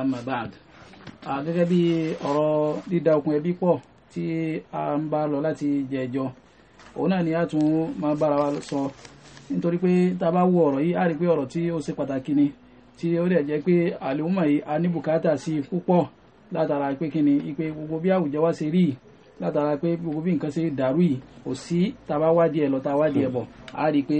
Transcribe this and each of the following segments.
amma ba'd gẹ́gẹ́ bí ọ̀rọ̀ dídá okùn ẹbí pọ̀ tí a ń bá lọ láti jẹjọ òun náà ni a tún máa bára wa sọ nítorí pé tá a bá wo ọ̀rọ̀ yìí a rí pé ọ̀rọ̀ tí ó ṣe pàtàkì ni tí ó dẹ̀ jẹ́ pé àlùmọ̀ yìí a ní bùkátà sí i púpọ̀ látara pé kí ni ipe gbogbo bí àwùjọ wa ṣe rí yìí látara pé gbogbo bí nǹkan ṣe dàrú yìí kò sí tá a bá wádìí ẹ̀ lọ tá a wádìí ẹ̀ bọ̀ a rí pé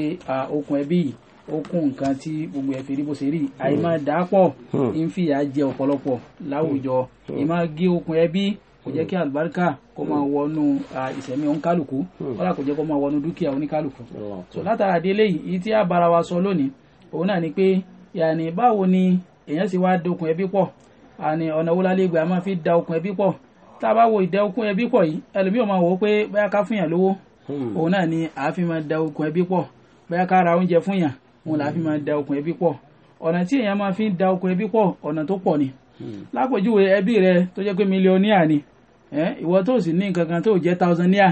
okùn ẹbí yìí ó kún nǹkan tí gbogbo ẹ̀ fèrè bó ṣe rí àìmọ́ dàápọ̀ hmm. ń fìyà jẹ ọ̀pọ̀lọpọ̀ láwùjọ hmm. ìmọ̀ gé okùn ẹbí kò jẹ́ kí hmm. àlùbáríkà kó máa wọnú ìsẹ̀mí oníkálukú kọ́lá kò jẹ́ kó máa wọnú dúkìá oníkálukú. so látara délé yìí tí abara wa sọ lónìí òun náà ni pé yàní báwo ni èèyàn sì wá dokùn ẹbí pọ̀ àní ọ̀nà wo lálẹ́ ìgbà máa fi da okùn ẹbí pọ̀ tá a bá wo ìdá okùn ẹbí pọ̀ yìí ẹlòmíràn máa wò ó pé bóyá ká fún yàn lówó òun náà ni àáfin máa da okùn ẹbí pọ̀ bóyá ká ra oúnjẹ fún yàn òun là á fi máa da okùn ẹbí pọ̀ ọ̀nà tí èèyàn máa fi ń da okùn ẹbí pọ̀ ọ̀nà tó pọ̀ ni hmm. lápèjúwe ẹbí rẹ tó jẹ́ pé mílíọ̀nìyà ni ìwọ tó sì ní nǹkan kan tó jẹ́ tàùsànìyà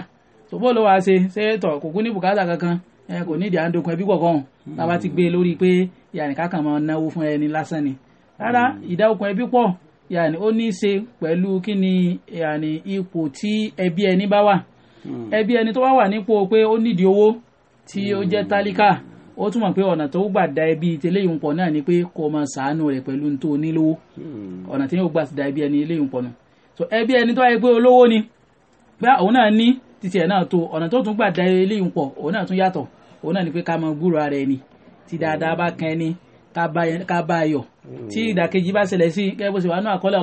tó bó ló wá ṣe ṣé tọ̀ kò kú ní bùkátà kankan kò ní ìdí à ń dokùn ẹbí pọ̀ kọ́hún tá a bá ti gbé e lórí pé yàní ká máa náwó fún ẹni lásán ni rárá hmm. ìdá okùn ẹbí pọ̀ yàní ó ní í ṣe pẹ̀lú kí ni yàní ipò tí ẹbí ẹni bá wà hmm. ẹbí ẹni tó wá wà nípò pé ó nídìí owó tí ó jẹ́ tálíkà ó túmọ̀ pé ọ̀nà tó gbà da ẹbí tẹ́lẹ̀yìn pọ̀ náà ni pé kó máa ṣàánú rẹ̀ pẹ̀lú tó nílówó hmm. ọ̀nà tí yóò gbà da ẹbí ẹni eléyìí pọ̀ nù so ẹbí ẹni tó wáyé pé olówó ni pé òun náà ní títí ẹ̀ náà tó ọ̀nà tó tún gbà da eléyìí pọ̀ òun náà tún yàtọ̀ òun náà ni pé ká máa gbúrò ara ẹni tí dáadáa bá kan ẹni ká bá ayọ̀ hmm. tí ìdàkejì bá ṣẹlẹ̀ sí kẹ́bù sí wàánú àkọlé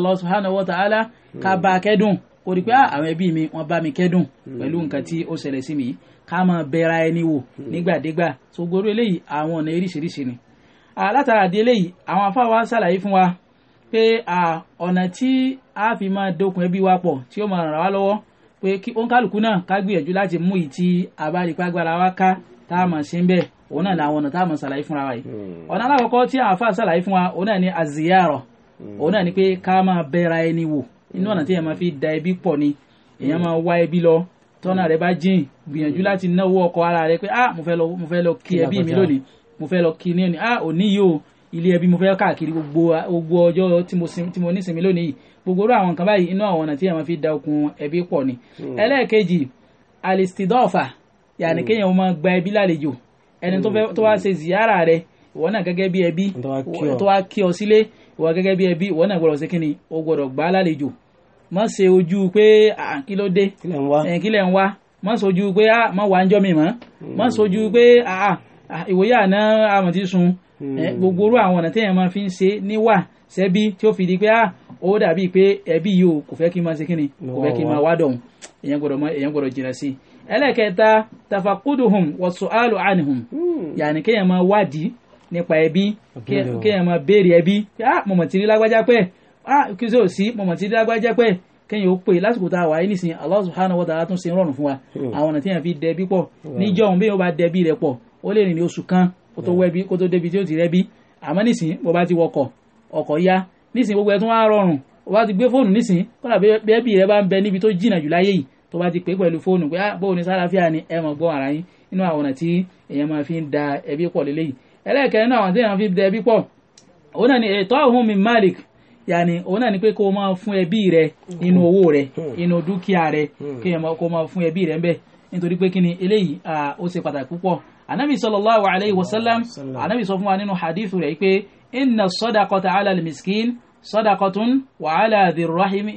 wa ta'ala ká hmm. bá kẹ́dùn kò rí pé ah, àwọn ẹbí mi wọ́n mi kẹ́dùn pẹ̀lú nǹkan tí ó ṣẹlẹ̀ ká máa bẹra ẹni wò hmm. nígbàdégbà tó gbóró eléyìí àwọn ọ̀nà eríṣiríṣi ni látara di eléyìí àwọn afáwa ṣàlàyé fún wa pé ọ̀nà tí a fi máa dokùn ẹbí wa pọ̀ tí ó máa ràn wá lọ́wọ́ pé kí òǹkàlùkù náà ká gbìyànjú láti mú ìyí tí abárípagbára wa ká tá a máa ṣe ń bẹ́ẹ̀ òun náà làwọn ọ̀nà tá a máa ṣàlàyé fúnra wa yìí hmm. ọ̀nà alákọ̀ọ́kọ́ tí àwọn afáà ṣàlàyé fún wa òun náà ni àzìyàrọ̀ hmm. òun náà ni pé ká máa bẹ́ra ẹni wò inú ọ̀nà tí èèyàn máa fi da ẹbí pọ̀ ni èèyàn máa wá ẹbí lọ tọ́nà rẹ bá jìn gbìyànjú láti náwó ọkọ̀ ara rẹ pé ah mo fẹ́ lọ mo fẹ́ lọ kí ẹbí mi lónìí mo fẹ́ lọ kí ní ẹni ah òní yìí o ilé ẹbí mo fẹ́ káàkiri gbogbo gbogbo ọjọ́ tí mo nísinmi lónìí yìí gbogbo orú àwọn nǹkan báyìí inú àwọn ọ̀nà tí a máa fi da okun ẹbí pọ̀ ni. Hmm. ẹlẹ́ẹ̀kejì alistidofa yàní hmm. kéèyàn máa gba ẹbí lálejò ẹni tó wá hmm. ṣe ziyara rẹ ìwọ náà gẹ́gẹ́ bí ẹbí tó wá kí ọ sílé ìwọ gẹ́gẹ́ bí ẹbí ìwọ náà gbọ́dọ̀ ṣe kíni má se ojú pé kí ló dé kí lẹ̀ ń wá má ṣojú pé má wà ń jọ́ mi mọ́ má ṣojú pé ìwòye àná àmọ̀ ti sun hmm. gbogbo orú àwọn ọ̀nà téèyàn máa fi ń ṣe níwà ṣẹ́bí tí ó fi di pé ó dàbí pé ẹbí yìí o kò fẹ́ kí n máa ṣe kíni kò fẹ́ kí n máa wá dọ̀hún èèyàn gbọ́dọ̀ jìnnà sí i ẹlẹ́kẹta tafakuduhum wasu'alu anihum hmm. yàní kéèyàn máa wádìí nípa ẹbí kéèyàn máa béèrè ẹbí ah lágbájá pẹ́ ah kí n sọ sí mọ̀mọ́ tí dágbá jẹ́ pé kẹ́yìn ó pè lásìkò tá a wà yìí nísìnyí Allah subhanahu wa ta'ala tún ṣe rọrùn fún wa hmm. àwọn ọ̀nà tí yẹn fi dẹbi pọ̀ hmm. níjọ́ òun bí yóò bá dẹbi rẹ̀ pọ̀ ó lè rìn ní oṣù kan kó tó hmm. wẹ́bi kó tó débi tí ó ti rẹ́bi àmọ́ nísìnyí bó bá ti wọkọ̀ ọkọ̀ yá nísìnyí gbogbo ẹ̀ tún wá rọrùn bó bá ti gbé fóònù nísìnyí kọ́nà bẹ́ẹ̀bì rẹ̀ bá ń bẹ níbi tó jìnnà jù láyé yìí tó bá ti ah, ni sálàáfíà ni ẹ mọ̀ gbọ́ ara yín inú àwọn ọ̀nà tí èèyàn máa fi ń da ẹbí ni ètò ọ̀hún Malik yàní òun náà ni pé kó o máa fún ẹbí rẹ inú owó rẹ inú hmm. dúkìá rẹ hmm. kó o máa fún ẹbí rẹ ń bẹ nítorí pé kí ni eléyìí ó ṣe pàtàkì púpọ̀ anabi sallallahu alayhi wa sallam anabi sọ fún wa nínú hadith rẹ̀ pé inna sadaqata ala al-miskin sadaqatun wa ala dhi rahimi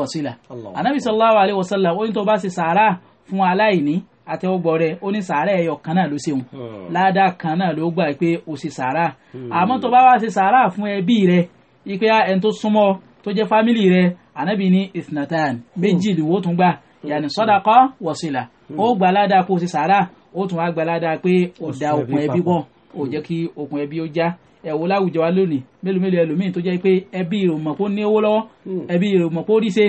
wasila anabi sallallahu alayhi wa sallam ó tó bá ṣe sàárà fún aláìní àtẹ́wọ́gbọ́ rẹ̀ ó ní sàárà ẹyọ kan náà ló ṣeun hmm. ládàá kan náà ló gbà pé ó ṣe sàárà hmm. àmọ́ tó bá wá ṣe sàárà fún ẹbí rẹ̀ ipe ẹni tó súnmọ́ tó jẹ́ fámìlì rẹ̀ ànábì ní ìsìnàtàn hmm. méjì lówó tún gbà yàní sọ́dàkọ́ wọ̀sílà ó gbà ládàá kó ṣe sàárà ó tún wá gbà ládàá pé ó da okùn ẹbí bọ̀ ó jẹ́ kí okùn ẹbí ó já ẹ̀wò láwùjọ wa lónìí mélòó mélòó ẹlòmíì tó jẹ́ pé ẹbí rẹ̀ mọ̀ kó ní owó lọ́wọ́ ẹbí rẹ̀ mọ̀ kó rí ṣe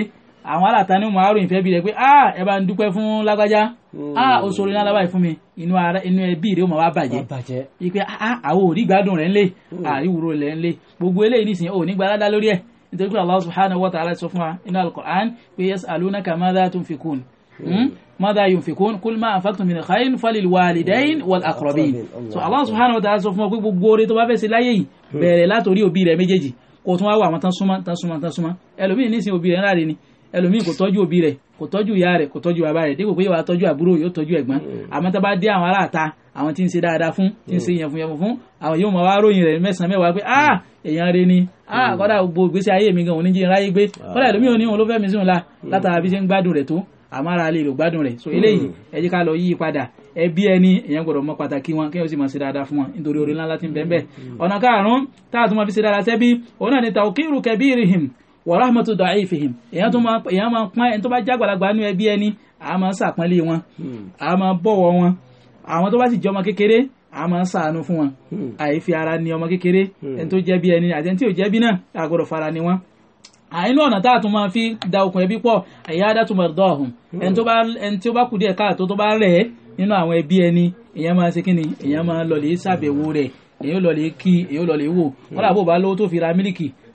àwọn alátaní mọ àrùn ìfẹ́ bí rẹ pé ah ẹ bá ń dúpẹ́ fún lágbájá hmm. ah oṣù orin alábàáyé fún mi inú ara inú ẹbí rẹ ó mọ̀ wá bàjẹ́ ipe ah, ah àwọn òrí gbádùn rẹ̀ ńlẹ̀ hmm. àríwúrò rẹ̀ ńlẹ̀ gbogbo eléyìí nísìnyí ò ní lórí ẹ̀ nítorí pé Allah subhanahu wa ta'ala sọ fún wa inú al-Qur'an pé yas'alunaka madha tunfikun hmm. madha yunfikun kul ma anfaqtum min khairin falil walidayn wal aqrabin so Allah subhanahu wa sọ fún wa pé gbogbo oore tó bá fẹ́ ṣe láyé yìí bẹ̀rẹ̀ látòrí òbí rẹ̀ méjèèjì kó tún wá wà wọn tán súnmọ́ tán súnmọ́ tán súnmọ́ ẹlòmíì nísìnyí òbí rẹ̀ ńlá rẹ̀ ni ẹlòmíì kò tọ́jú òbí rẹ̀ kò tọ́jú ìyá rẹ̀ kò tọ́jú bàbá rẹ̀ dípò pé yóò wá tọ́jú àbúrò yóò tọ́jú ẹ̀gbọ́n hmm. àmọ́ tó bá dé àwọn aláàta àwọn tí ń ṣe dáadáa fún tí ń ṣe yẹn fún yẹn fún àwọn yóò máa wá ròyìn rẹ̀ mẹ́sàn-án mẹ́wàá pé ah èèyàn rẹ ni ah hmm. kọ́dà gbogbo ìgbésí ayé mi gan òní jí ráyé gbé ah. kọ́dà ẹlòmíì òní òun ló fẹ́ mi sí la hmm. látara bí ṣe ń gbádùn rẹ̀ tó àmọ́ra so eléyìí ẹ jẹ́ ká lọ yí padà ẹbí ẹni èèyàn gbọ́dọ̀ mọ pàtàkì wọn kéèyàn sì máa ṣe dáadáa fún wọn nítorí orí ńlá láti ń bẹ́ẹ̀ bẹ́ẹ̀ ọ̀nà karùn-ún táà tún máa fi ṣe dáadáa sẹ́bí òun náà ni tàwùkírù kẹbí rihim wàràhàmàtú da'ifihim èèyàn tó máa èèyàn máa pọ́n ẹni tó bá já nínú ẹbí ẹni a máa ṣàpọ́nlé wọn hmm. a máa bọ̀wọ̀ wọn àwọn tó bá sì ọmọ kékeré a máa ṣàánú fún wọn hmm. àìfi ara ni ọmọ kékeré hmm. ẹni tó ẹni àti ẹni tí náà a fara ni wọn àìní ọ̀nà tá a tún máa fi da okùn ẹbí pọ̀ ẹ̀yà adátun mọ̀rọ̀dọ́ ọ̀hún ẹni tó bá ẹni tí ó bá díẹ̀ káàtó tó bá rẹ̀ ẹ́ nínú àwọn ẹbí ẹni èèyàn ni èèyàn máa lọ lè ṣàbẹ̀wò rẹ̀ èèyàn lọ lè kí èèyàn fi ra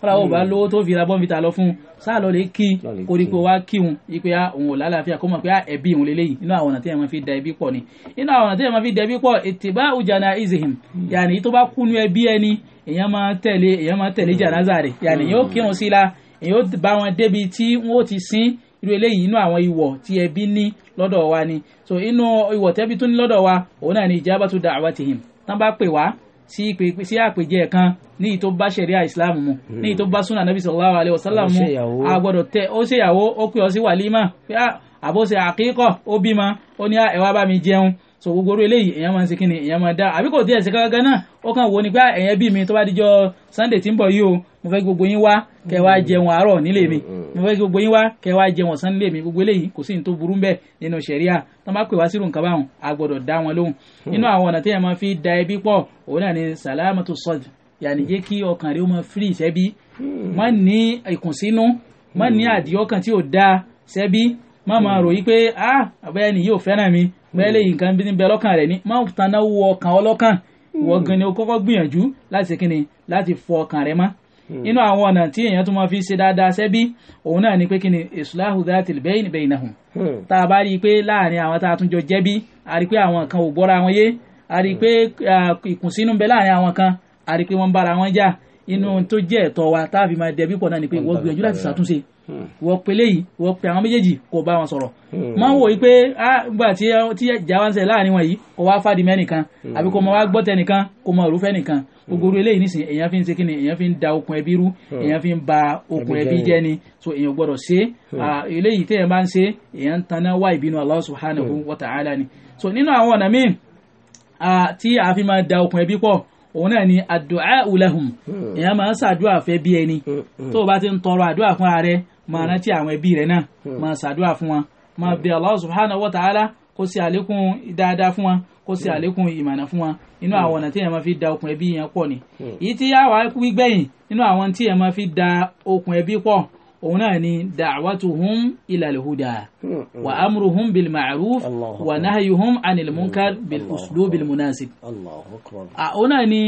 kọ́lá ó bá hmm. lówó tó fi ra bọ́ǹfìtà lọ fún un sáà lọ lè kí koríko wá kí òun ipe ah, òun ò lálàáfíà kó mọ̀ pé ah, ẹbí òun lélẹ́yìí nínú àwọn ọ̀nà tí wọ́n fi da ẹbí pọ̀ ni nínú àwọn ọ̀nà tí wọ́n fi da ẹbí pọ̀ ètìbá ujana izihim hmm. yàní tó bá kúnú ẹbí ẹni èèyàn máa tẹ̀lé èèyàn máa tẹ̀lé hmm. jànáza rẹ̀ yàní yóò kírun sí la èèyàn ó bá wọn débi tí wọ́n ó ti sin irú eléyìí inú àwọn ìwọ̀ tí ẹbí ní lọ́dọ̀ wa ni so inú ìwọ̀ tẹ́bí tún ní lọ́dọ̀ wa òun náà ni ìjábàtú da'watihim tán bá pè wá sí pèpè sí àpèjẹ kan ní ìtò bá ṣẹ̀ríà islam mu ní ìtò hmm. bá súnà nàbì sallallahu alaihi wasallam mu àgbọ̀dọ̀ tẹ ó ṣèyàwó ó pè ọ sí wàlímà pé ah àbóṣe àkíkọ̀ ó bímọ ó ní ẹ̀wá bá mi jẹun so gbogbo orí eléyìí èèyàn máa ń ṣe kí ni èèyàn máa dá àbí kò tiẹ̀ ṣe kankan náà ó kàn wò ní pé èèyàn bí mi tó bá díjọ́ sunday tí ń bọ̀ yìí o mo fẹ́ gbogbo yín wá kẹ́ wá jẹun àárọ̀ nílé mi mm, mm. mo fẹ́ gbogbo yín wá kẹ́ wá jẹun ọ̀sán nílé mi gbogbo eléyìí kò sí ní tó burú ń bẹ̀ nínú ṣẹ̀ríà tó bá pè wá sírù nǹkan báwọn a gbọ́dọ̀ dá wọn lóhùn hmm. nínú àwọn ọ̀nà téèyàn máa fi da ẹbí pọ̀ òun náà ni salamatu sod yàní jẹ́ kí ọkàn rẹ ó máa fírì sẹ́bí hmm. má ní ìkùnsínú má ní hmm. àdìọ́kàn tí ò dáa sẹ́bí má máa hmm. ròyìn pé ah abẹ́yẹ nìyí ò fẹ́ràn mi bẹ́ẹ̀ hmm. lè nǹkan bí níbẹ̀ lọ́kàn rẹ̀ ni má tanná wo ọkàn ọlọ́kàn hmm. wọ́n gan ni o kọ́kọ́ gbìyànjú láti kíni láti fọ ọkàn rẹ̀ mọ́ inú àwọn ọ̀nà tí èèyàn tún máa fi ṣe dáadáa sẹ́bí òun náà ni pé kíni islahu dhatil bayni baynahum tá a bá rí i pé láàrin àwọn tá a tún jọ jẹ́bí a rí i pé àwọn kan ò gbọ́ra wọn yé a rí i pé ìkùnsínú ń bẹ láàrin àwọn kan a rí i pé wọ́n bára wọn jà inú tó jẹ́ ẹ̀tọ́ wa tá a fi máa dẹbí pọ̀ náà ni pé wọ́n gbìyànjú láti ṣàtúnṣe wọ́n pe léyìí wọ́n pe àwọn méjèèjì kò bá wọn sọ̀rọ̀ hmm. máa ń wò yìí pé ah, gbà tí ìjà wa ń ṣe láàrin wọn yìí kò wá fàdí mẹ́nìkan hmm. àbí kò mọ wá gbọ́ tẹnìkan kò mọ òrùfẹ́ nìkan hmm. gbogbo orí eléyìí nísìnyí èèyàn fi ń ṣe kí ni èèyàn fi ń da okùn ẹbí rú èèyàn fi ń ba okùn ẹbí jẹ́ ni so èèyàn gbọ́dọ̀ ṣe ah, eléyìí téèyàn bá ń ṣe èèyàn ń wá ìbínú Allah subhanahu wa ta'ala ni so nínú àwọn ọ̀nà míì ah, tí a fi máa da okùn ẹbí pọ̀ òun náà ni àdúà ulahum èèyàn máa ń ṣàdúrà fẹ́ bí ẹni tó o bá ti ń tọrọ àdúrà fún ààrẹ máa rántí àwọn ẹbí rẹ náà hmm. máa ṣàdúrà fún wọn máa bẹ Allah subhanahu wa ta'ala kó ṣe àlékún dáadáa fún wọn kó ṣe hmm. àlékún ìmọ̀nà fún wọn inú hmm. àwọn ọ̀nà tí yẹn máa fi da okùn ẹbí yẹn pọ̀ ni èyí tí yà wá wí gbẹ̀yìn nínú àwọn tí yẹn máa fi da okùn ẹbí pọ̀ òun náà ni da'watuhum ila al-huda wa amruhum bil ma'ruf wa nahyuhum anil munkar bil uslub bil munasib. òun náà ni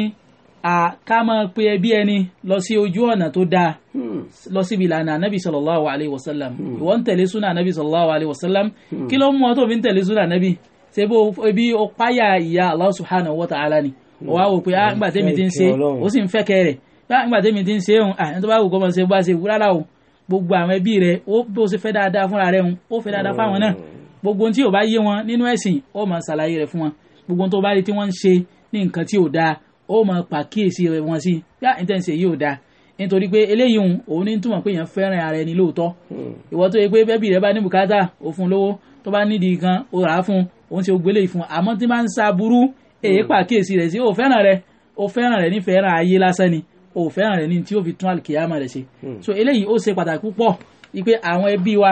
ká máa pe ẹbí ẹni lọ sí ojú ọ̀nà tó dáa hmm. lọ síbi ìlànà anabi sallallahu alayhi wa sallam hmm. ìwọ ń tẹ̀lé súnà anabi sallallahu alayhi wa sallam hmm. kí ló ń mú ọ tó fi ń tẹ̀lé súnà anabi ṣe bó ebi ó páyà ìyá Allah subhanahu wa ta'ala ni ó wá wò pé á ah, ńgbà tẹ́mi ti ń ṣe ó sì ń fẹ́ kẹ́ rẹ̀ ńgbà ah, tẹ́mi ti ń ṣe òun àyẹ̀ntó ah, bá wù kọ́ mọ̀ ṣe bá ṣe rárá o gbogbo àwọn ẹbí rẹ̀ ó bó ṣe fẹ́ dáadáa fúnra rẹ̀ òun ó fẹ́ dáadáa fáwọn náà gbogbo tí ò bá yé wọn nínú ẹ̀sìn ó máa ṣàlàyé rẹ̀ fún wọn gbogbo tó bá rí tí wọ́n ń ṣe ní nǹkan tí ò dáa ó máa pàkíyèsí rẹ̀ wọn sí yá ìtẹ̀sẹ̀ yìí ò dáa nítorí pé eléyìí òun òun ní túmọ̀ pé èèyàn fẹ́ràn ara ẹni lóòótọ́ hmm. ìwọ tó yẹ pé bẹ́bí rẹ bá ní bùkátà ó fún lówó tó bá nídìí kan ó rà á fún òun ṣe gbélé ìfún àmọ́ tí máa ń sa burú èyí hmm. pàkíyèsí rẹ̀ sí ó fẹ́ràn rẹ ó fẹ́ràn rẹ nífẹ̀ẹ́ràn ayé lásán ni ó fẹ́ràn rẹ ní tí ó fi tún àlùkìyàmọ̀ rẹ̀ ṣe hmm. so eléyìí ó ṣe pàtàkì púpọ̀ wípé àwọn ẹbí wa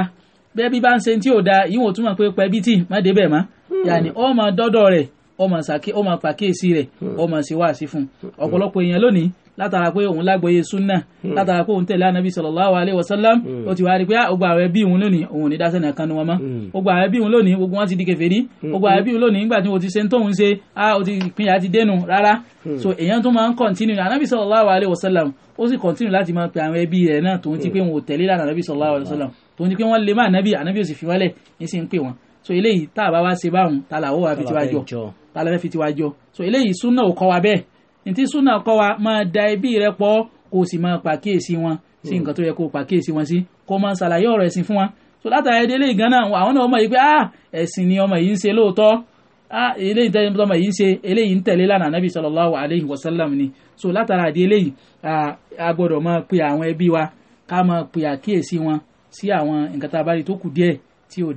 bẹ́bí bá ń ṣe tí ò dáa ìwọ̀n túmọ̀ pé pẹ́bí tì má débẹ̀ mọ́ yàní ó máa dọ́dọ̀ rẹ̀ ọmọ sàkí ọmọ pàkíyèsí rẹ̀ ọmọ sì wá sí fún hmm. ọ̀pọ̀lọpọ̀ èèyàn lónìí látara pé òun lágbóye súnà hmm. látara pé òun tẹ̀lé anabi sallallahu alaihi wasallam hmm. ó ti wá rí pé ah, gbogbo ààrẹ bí òun lónìí òun ní dásẹ̀ nìkan ni wọ́n mọ́ gbogbo ààrẹ bí òun lónìí gbogbo wọn ti di kèfèrí gbogbo ààrẹ bí òun lónìí nígbà tí o ti ṣe ń tóun ṣe a ah, o ti pinya ti dénú rárá so èèyàn tó máa ń kọ́ntínú anabi sallallahu alaihi wasallam ó sì kọ́ntínú láti máa pe àwọn ẹbí rẹ̀ náà tòun ti pé òun ò tẹ̀lé lánàá anabi sallallahu alaihi wasallam tòun ti pé wọ́n lè anabi anabi ò sì fi wọ́lẹ̀ ní ń so eléyìí tá a bá wá ṣe báwọn tá ti wá jọ tàlẹ́ fi tiwa jọ so eléyìí súnà ò kọ́ wa bẹ́ẹ̀ ntí súnà kọ́ wa máa da ẹbí rẹ pọ̀ kó o sì máa pàkíyèsí wọn sí nǹkan tó yẹ kó o pàkíyèsí wọn sí kó o máa ṣàlàyé ọ̀rọ̀ ẹ̀sìn fún wọn so látara ẹdẹ eléyìí gan náà àwọn náà ọmọ yìí pé ah ẹ̀sìn ni ọmọ yìí ń ṣe lóòótọ́ ah eléyìí tẹ́lẹ̀ ọmọ yìí ń ṣe eléyìí ń tẹ̀lé lánàá nabi sallallahu alayhi wa ni so látara ẹdẹ a gbọ́dọ̀ máa pe àwọn wa ká máa pe àkíyèsí wọn sí àwọn nǹkan tá a bá rí tó kù díẹ̀ tí ò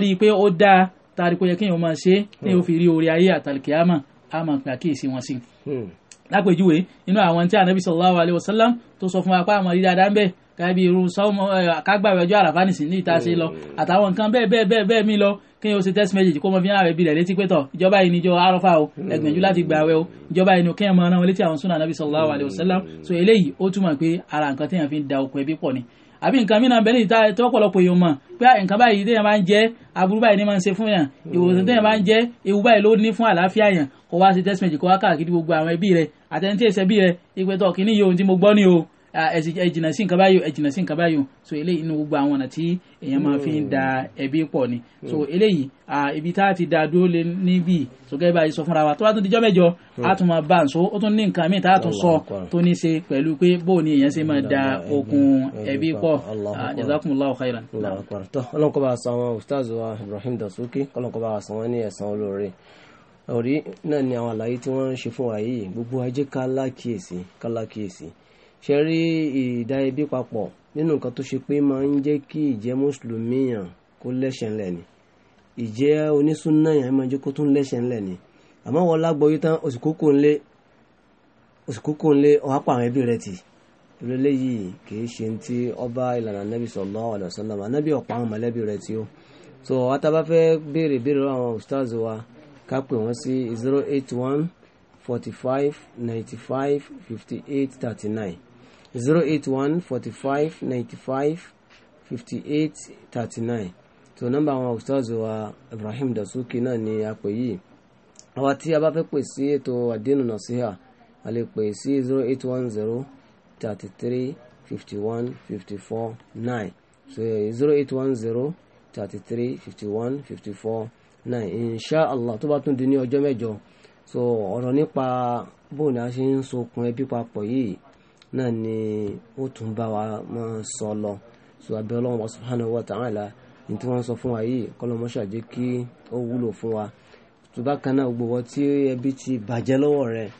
rí i pé ó dáa tari kó yẹ kéèyàn máa ṣe é ní o fi rí orí ayé àtàlùkìyàmà á máa pè àkíyèsí wọn sí i. Hmm. lápèjúwe inú àwọn tí anabi sallallahu alayhi wa sallam tó sọ fún wa pé àwọn rí dáadáa ń bẹ kábí irú sọmọ kágbàwé ọjọ́ àràfà nìsín ní ìta ṣe lọ hmm. àtàwọn nǹkan bẹ́ẹ̀ bẹ́ẹ̀ bẹ́ẹ̀ bẹ́ẹ̀ mi lọ kéèyàn ó ṣe test message kó mọ fi hàn rẹ̀ bí létí pé ìjọba yìí níjọ arọ́fà o ẹgbẹ̀jú hmm. láti gbààwẹ̀ o ìjọba yìí ni kéèyàn máa rán wọn létí àwọn sunnah anabi sallallahu alayhi wa sallam so eléyìí ó túmọ̀ pé ara nǹkan téèyàn fi ń da okùn ẹbí pọ̀ ni àbí nǹkan mìíràn bẹ́ẹ̀ níta tọ́pọ̀lọpọ̀ èèyàn mọ̀ pé ah, nǹkan báyìí téèyàn máa ń jẹ aburú báyìí ni máa ń ṣe fún yàn ìwòsàn téèyàn máa ń jẹ ewu báyìí ló ní fún àlàáfíà yàn kó wá sí test kó wá káàkiri gbogbo àwọn ẹbí rẹ àtẹnitẹ́ ìṣẹ́bí rẹ ìpẹ́tọ̀ kìíní yìí ohun tí mo gbọ́ ni o ẹ jìnnà sí nǹkan báyò ẹ jìnnà sí nǹkan báyò so eléyìí inú gbogbo àwọn ọ̀nà tí èèyàn máa fi ń da ẹbí pọ̀ ni so hmm. eléyìí ibi tá a ti da dúró lé níbí so gẹ́gẹ́ báyìí sọ fúnra wa tó bá tún di jọ́mẹ́jọ hmm. a tún máa bá nso ó tún ní nǹkan míì tá a tún sọ tó ní ṣe pẹ̀lú pé bó ni èèyàn ṣe máa da okun ẹbí pọ̀ jazakumullahu khairan. ọlọ́run kó bá a sọ àwọn ustaz wa Ibrahim Dasuki ọlọ́run kó bá a sọ wọn ní ẹ̀san olóore orí náà ni àwọn àlàyé tí wọ́n ń ṣe fún wa yìí gbogbo ajé ká lákìyèsí ká lákìyèsí ṣe rí ìdá ẹbí papọ̀ nínú nǹkan tó ṣe pé máa ń jẹ́ kí ìjẹ́ mùsùlùmí yàn kó lẹ́sẹ̀ ńlẹ̀ ni ìjẹ́ onísúnná yàn máa jẹ́ kó tún lẹ́sẹ̀ ńlẹ̀ ni àmọ́ wọ́n lágbọ́yé tán oṣù kókó ńlé oṣù kókó ńlé ọ̀há pa àwọn ẹbí rẹ̀ tì ìrẹ́lẹ̀ yìí kì í ṣe ti ọba ìlànà anábì sallallahu alaihi wasallam anábì ọ̀pá àwọn mọ̀lẹ́bí rẹ̀ tì ó so àtàbá fẹ́ béèrè béèrè àwọn ustaz wa ká pè wọ́n sí zero eight one forty five ninety five fifty eight thirty nine zero eight one forty five ninety five fifty eight thirty nine tó nọ́mbà àwọn ustaz wa Ibrahim Dasuki náà ni a pè yìí àwa tí a bá fẹ́ pè sí ètò àdínù nàṣíhà a lè pè sí zero eight one zero thirty three fifty one fifty four nine so zero eight one zero thirty three fifty one fifty four nine inshallah tó bá tún di ní ọjọ́ mẹ́jọ so ọ̀rọ̀ nípa bóun ni a ṣe ń so ẹbí papọ̀ yìí náà ni ó tún bá wa máa sọ lọ sọ abẹ́ ọlọ́run wa subhanahu wa ta'ala ní tí wọ́n sọ fún wa yìí kọ́lọ́mọ́ṣà jẹ́ kí ó wúlò fún wa ṣùgbọ́n náà gbogbo tí ẹbí ti bàjẹ́ lọ́wọ́ rẹ̀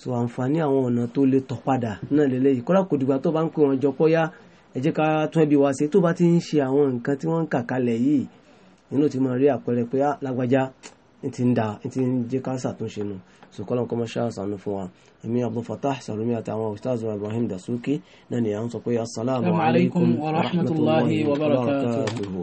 so àǹfààní àwọn ọ̀nà tó lè tọ̀ padà náà lélẹ́yìí kọ́lá kò dìgbà tó bá ń pè wọ́n jọ pọ́yá ẹ jẹ́ ká tún ẹbí wa ṣe tó bá ti ń ṣe àwọn nǹkan tí wọ́n ń kà kalẹ̀ yìí nínú tí mo rí àpẹẹrẹ pé lágbájá ti ń da ti ń jẹ́ ká ṣàtúnṣe nù sùkọ́lọ̀ kọ́mọ́ ṣàṣàánú fún wa èmi abdulfatah salumi àtàwọn ustaz ibrahim dasuki náà ni à ń sọ pé asalaamu alaykum wa rahmatulahi wa barakatuhu.